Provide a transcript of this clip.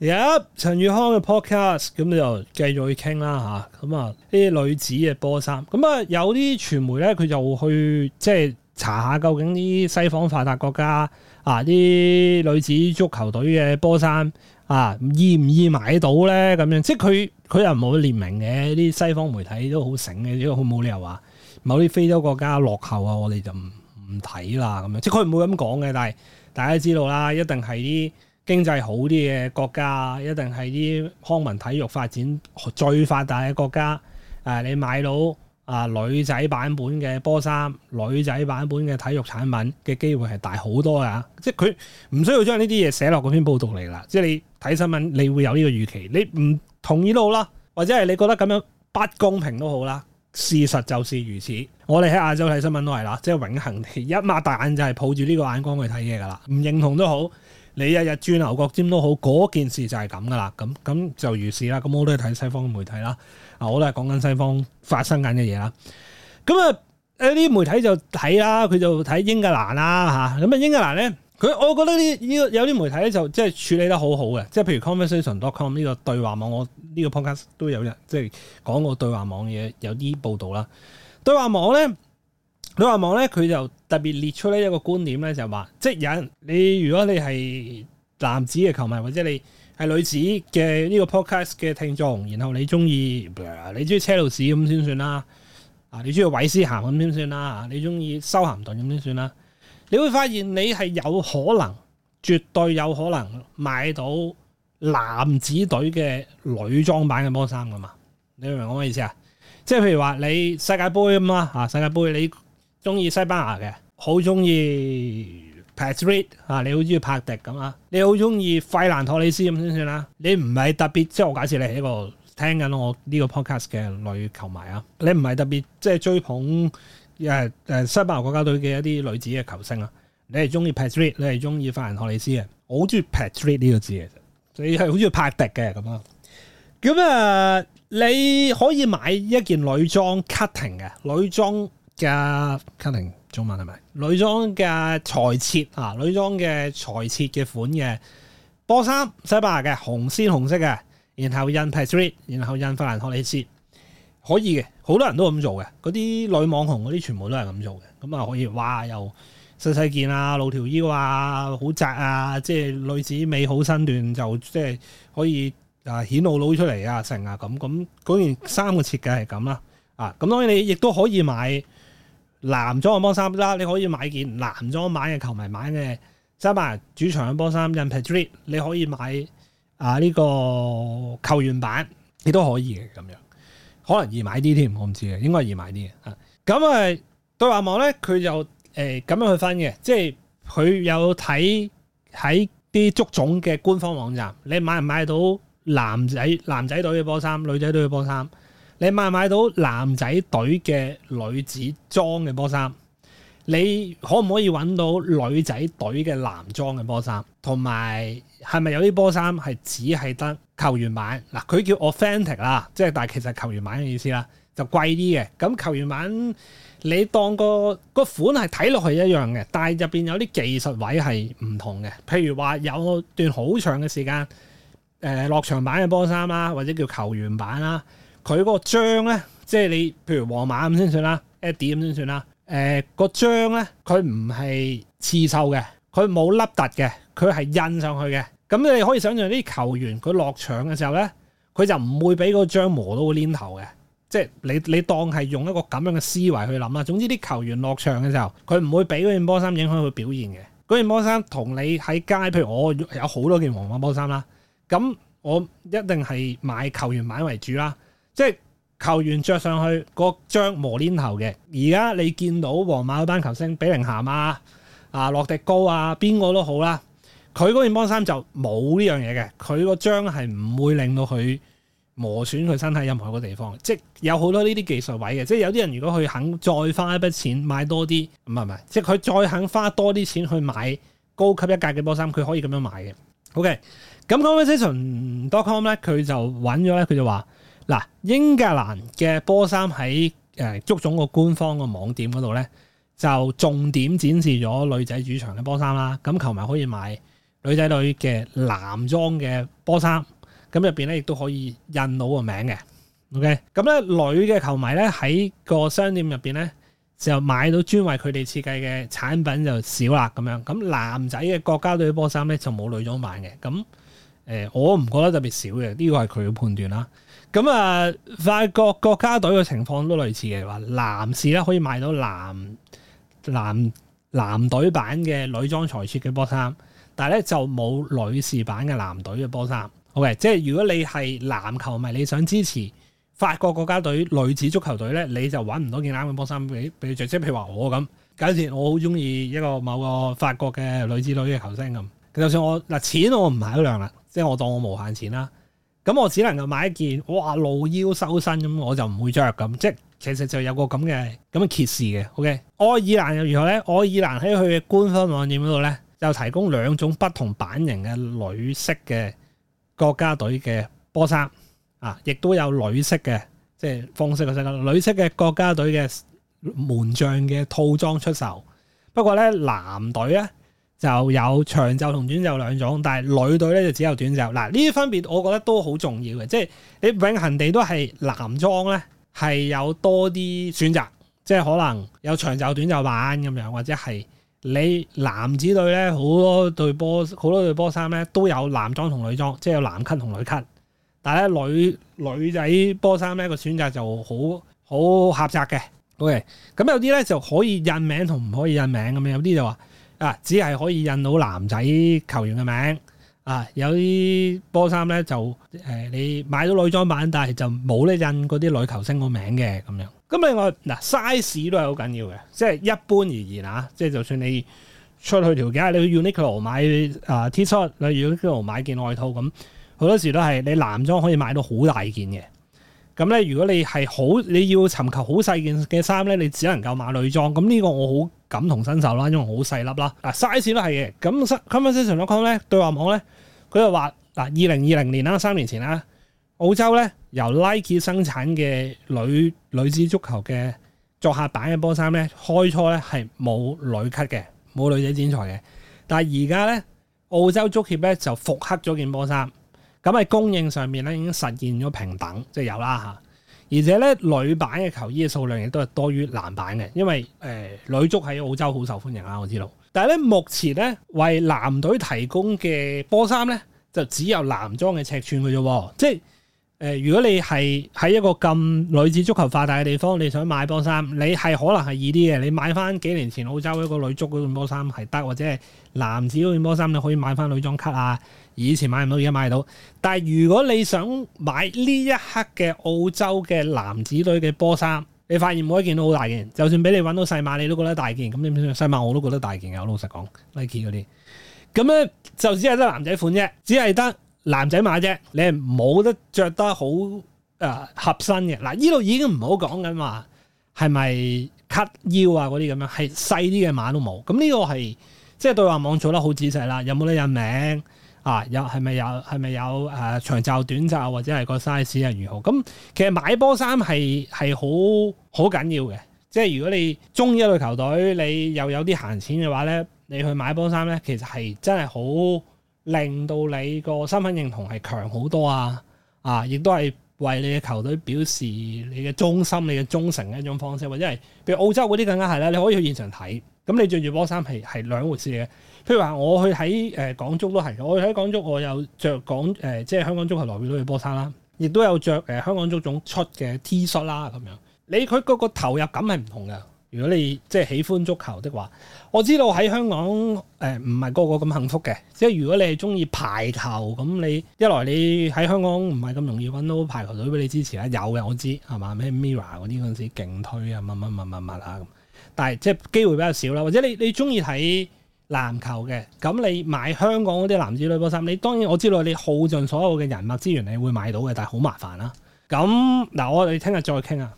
有、yep, 陳宇康嘅 podcast，咁你就繼續去傾啦嚇。咁啊，啲女子嘅波衫，咁啊有啲傳媒咧，佢就去即係查下究竟啲西方發達國家啊，啲女子足球隊嘅波衫啊，易唔易買到咧？咁樣即係佢佢又冇聯名嘅，啲西方媒體都好醒嘅，因為好冇理由話某啲非洲國家落後啊，我哋就唔睇啦咁樣。即係佢唔會咁講嘅，但係大家知道啦，一定係啲。經濟好啲嘅國家，一定係啲康文體育發展最發達嘅國家。誒，你買到啊女仔版本嘅波衫、女仔版本嘅體育產品嘅機會係大好多嘅，即係佢唔需要將呢啲嘢寫落嗰篇報道嚟啦。即係你睇新聞，你會有呢個預期。你唔同意都好啦，或者係你覺得咁樣不公平都好啦。事實就是如此。我哋喺亞洲睇新聞都係啦，即係永恆地一擘大眼就係抱住呢個眼光去睇嘢㗎啦。唔認同都好。你日日轉牛角尖都好，嗰件事就係咁噶啦。咁咁就如是啦。咁我都係睇西方嘅媒體啦。啊，我都係講緊西方發生緊嘅嘢啦。咁啊，誒啲媒體就睇啦，佢就睇英格蘭啦嚇。咁啊，英格蘭咧，佢我覺得呢呢有啲媒體咧就即係處理得好好嘅。即係譬如 conversation.com 呢個對話網，我呢個 podcast 都有入，即係講個對話網嘅嘢有啲報導啦。對話網咧。呢《老話網》咧，佢就特別列出呢一個觀點咧，就話，即係人你如果你係男子嘅球迷，或者你係女子嘅呢個 podcast 嘅聽眾，然後你中意，你中意車路士咁先算啦，啊，你中意韋斯咸咁先算啦，你中意修咸頓咁先算啦，你會發現你係有可能，絕對有可能買到男子隊嘅女裝版嘅波衫噶嘛？你明唔明我嘅意思啊？即係譬如話你世界盃咁啦，啊世界盃你。中意西班牙嘅，好中意 Patrick 啊！你好中意帕迪咁啊？你好中意費蘭托里斯咁先算啦。你唔係特別，即係我假設你係一個聽緊我呢個 podcast 嘅女球迷啊。你唔係特別即係追捧誒誒西班牙國家隊嘅一啲女子嘅球星啊。你係中意 Patrick，你係中意費蘭托里斯嘅？我好中意 Patrick 呢個字嘅，你係好中意帕迪嘅咁啊。咁啊，你可以買一件女裝 cutting 嘅女裝。嘅 cutting 中文係咪女裝嘅裁切啊？女裝嘅裁切嘅款嘅波衫，西班牙嘅紅鮮紅色嘅，然後印 patent，然後印法蘭托利斯，可以嘅，好多人都咁做嘅，嗰啲女網紅嗰啲全部都係咁做嘅。咁啊，可以哇，又細細件啊，露條腰啊，好窄啊，即係類似美好身段就即係可以啊顯露露出嚟啊，成啊，咁咁，嗰件衫嘅設計係咁啦啊，咁當然你亦都可以買。男裝嘅波衫啦，你可以買件男裝版嘅球迷版嘅衫啊，主場嘅波衫印 Patrick 你可以買啊，呢個球員版，你都可以嘅咁樣，可能易買啲添，我唔知嘅，應該易買啲啊。咁、嗯、啊，對話網咧，佢就誒咁、呃、樣去分嘅，即係佢有睇喺啲足總嘅官方網站，你買唔買到男仔男仔隊嘅波衫，女仔隊嘅波衫？你買唔買到男仔隊嘅女子裝嘅波衫，你可唔可以搵到女仔隊嘅男裝嘅波衫？同埋係咪有啲波衫係只係得球員版？嗱，佢叫 Authentic 啦，即係但係其實球員版嘅意思啦，就貴啲嘅。咁球員版你當個個款係睇落去一樣嘅，但係入邊有啲技術位係唔同嘅。譬如話有段好長嘅時間，誒、呃，落場版嘅波衫啦，或者叫球員版啦。佢個章咧，即係你，譬如皇馬咁先算啦，Eddie 咁先算啦。呃，嗰個章咧，佢唔係刺繡嘅，佢冇凹凸嘅，佢係印上去嘅。咁你可以想象啲球員佢落場嘅時候咧，佢就唔會俾個章磨到個黏頭嘅。即係你你當係用一個咁樣嘅思維去諗啦。總之啲球員落場嘅時候，佢唔會俾嗰件波衫影響佢表現嘅。嗰件波衫同你喺街，譬如我有好多件皇馬波衫啦，咁我一定係買球員買為主啦。即係球員着上去個章磨黏頭嘅，而家你見到皇馬班球星，比寧咸啊、啊洛迪高啊，邊個都好啦。佢嗰件波衫就冇呢樣嘢嘅，佢個章係唔會令到佢磨損佢身體任何一個地方。即係有好多呢啲技術位嘅，即係有啲人如果佢肯再花一筆錢買多啲，唔係唔係，即係佢再肯花多啲錢去買高級一格嘅波衫，佢可以咁樣買嘅。OK，咁 c o m p e i t i o n c o m 咧，佢就揾咗咧，佢就話。嗱，英格蘭嘅波衫喺誒足總個官方個網店嗰度咧，就重點展示咗女仔主場嘅波衫啦。咁球迷可以買女仔隊嘅男裝嘅波衫，咁入邊咧亦都可以印到個名嘅。OK，咁咧女嘅球迷咧喺個商店入邊咧就買到專為佢哋設計嘅產品就少啦咁樣。咁男仔嘅國家隊波衫咧就冇女裝版嘅。咁誒，我唔覺得特別少嘅，呢個係佢嘅判斷啦。咁、嗯、啊，法國國家隊嘅情況都類似嘅，話男士咧可以買到男男男隊版嘅女裝裁切嘅波衫，但係咧就冇女士版嘅男隊嘅波衫。OK，即係如果你係籃球迷，你想支持法國國家隊女子足球隊咧，你就揾唔到件啱嘅波衫俾俾你著。即係譬如話我咁，假設我好中意一個某個法國嘅女子隊嘅球星咁，就算我嗱錢我唔係好量啦，即係我當我無限錢啦。咁我只能夠買一件，哇露腰修身咁，我就唔會着咁。即係其實就有個咁嘅咁嘅揭示嘅。O.K. 愛爾蘭又如何咧？愛爾蘭喺佢嘅官方網站嗰度咧，就提供兩種不同版型嘅女式嘅國家隊嘅波衫啊，亦都有女式嘅即係方式嘅式，女式嘅國家隊嘅門將嘅套裝出售。不過咧，男隊咧。就有長袖同短袖兩種，但係女隊咧就只有短袖。嗱，呢啲分別我覺得都好重要嘅，即係你永恒地都係男裝咧，係有多啲選擇，即係可能有長袖、短袖版咁樣，或者係你男子隊咧好多對波好多對波衫咧都有男裝同女裝，即係有男 cut 同女 cut。但係咧女女仔波衫咧個選擇就好好狹窄嘅。OK，咁有啲咧就可以印名同唔可以印名咁樣，有啲就話。啊，只係可以印到男仔球員嘅名，啊有啲波衫咧就、呃、你買到女裝版，但係就冇咧印嗰啲女球星個名嘅咁樣。咁另外嗱、啊、size 都係好緊要嘅，即係一般而言。即、啊、係就算你出去條街，你去 Uniqlo 買啊 T 恤你 Uniqlo 買件外套咁，好多時都係你男裝可以買到好大件嘅。咁咧，如果你係好，你要尋求好細件嘅衫咧，你只能夠買女裝。咁呢個我好感同身受啦，因為好細粒啦。嗱，size 都係嘅。咁 conversation.com 咧，對話網咧，佢就話嗱，二零二零年啦，三年前啦，澳洲咧由 Nike 生產嘅女女子足球嘅作客版嘅波衫咧，開初咧係冇女級嘅，冇女仔剪裁嘅。但係而家咧，澳洲足協咧就復刻咗件波衫。咁喺供應上面咧，已經實現咗平等，即係有啦嚇。而且咧，女版嘅球衣嘅數量亦都係多於男版嘅，因為，呃，女足喺澳洲好受歡迎啊，我知道。但係咧，目前咧為男隊提供嘅波衫咧，就只有男裝嘅尺寸嘅啫，即係呃、如果你係喺一個咁女子足球發達嘅地方，你想買波衫，你係可能係易啲嘅。你買翻幾年前澳洲一個女足嗰件波衫係得，或者係男子嗰件波衫你可以買翻女裝 cut 啊。以前買唔到，而家買到。但係如果你想買呢一刻嘅澳洲嘅男子隊嘅波衫，你發現每一件都好大件，就算俾你揾到細碼，你都覺得大件。咁點解細碼我都覺得大件嘅？我老實講，Nike 嗰啲，咁咧就只係得男仔款啫，只係得。男仔碼啫，你係冇得著得好誒合身嘅。嗱，依度已經唔好講緊話係咪 cut 腰啊嗰啲咁樣，係細啲嘅碼都冇。咁呢個係即係對話網做得好仔細啦。有冇得印名啊？有係咪，有係咪，有誒、啊、長袖短袖，或者係個 size 係如何？咁其實買波衫係係好好緊要嘅。即係如果你中意一隊球隊，你又有啲閒錢嘅話咧，你去買波衫咧，其實係真係好。令到你個身份認同係強好多啊！啊，亦都係為你嘅球隊表示你嘅忠心、你嘅忠誠嘅一種方式，或者係譬如澳洲嗰啲更加係啦，你可以去現場睇，咁你著住波衫係係兩回事嘅。譬如話，呃，我去睇港足都係，我去睇港足我有着港、呃、即係香港足球代表隊嘅波衫啦，亦都有着、呃、香港足總出嘅 T 恤啦咁樣。你佢嗰個投入感係唔同嘅。如果你即係喜歡足球的話，我知道喺香港誒唔係個個咁幸福嘅。即係如果你係中意排球咁，你一來你喺香港唔係咁容易搵到排球隊俾你支持啦。有嘅我知係嘛咩 Mirror 嗰啲嗰陣時勁推啊，乜乜乜乜乜啊咁。但係即係機會比較少啦。或者你你中意睇籃球嘅，咁你買香港嗰啲男子女波衫，你當然我知道你耗盡所有嘅人脈資源，你會買到嘅，但係好麻煩啦。咁嗱，我哋聽日再傾啊。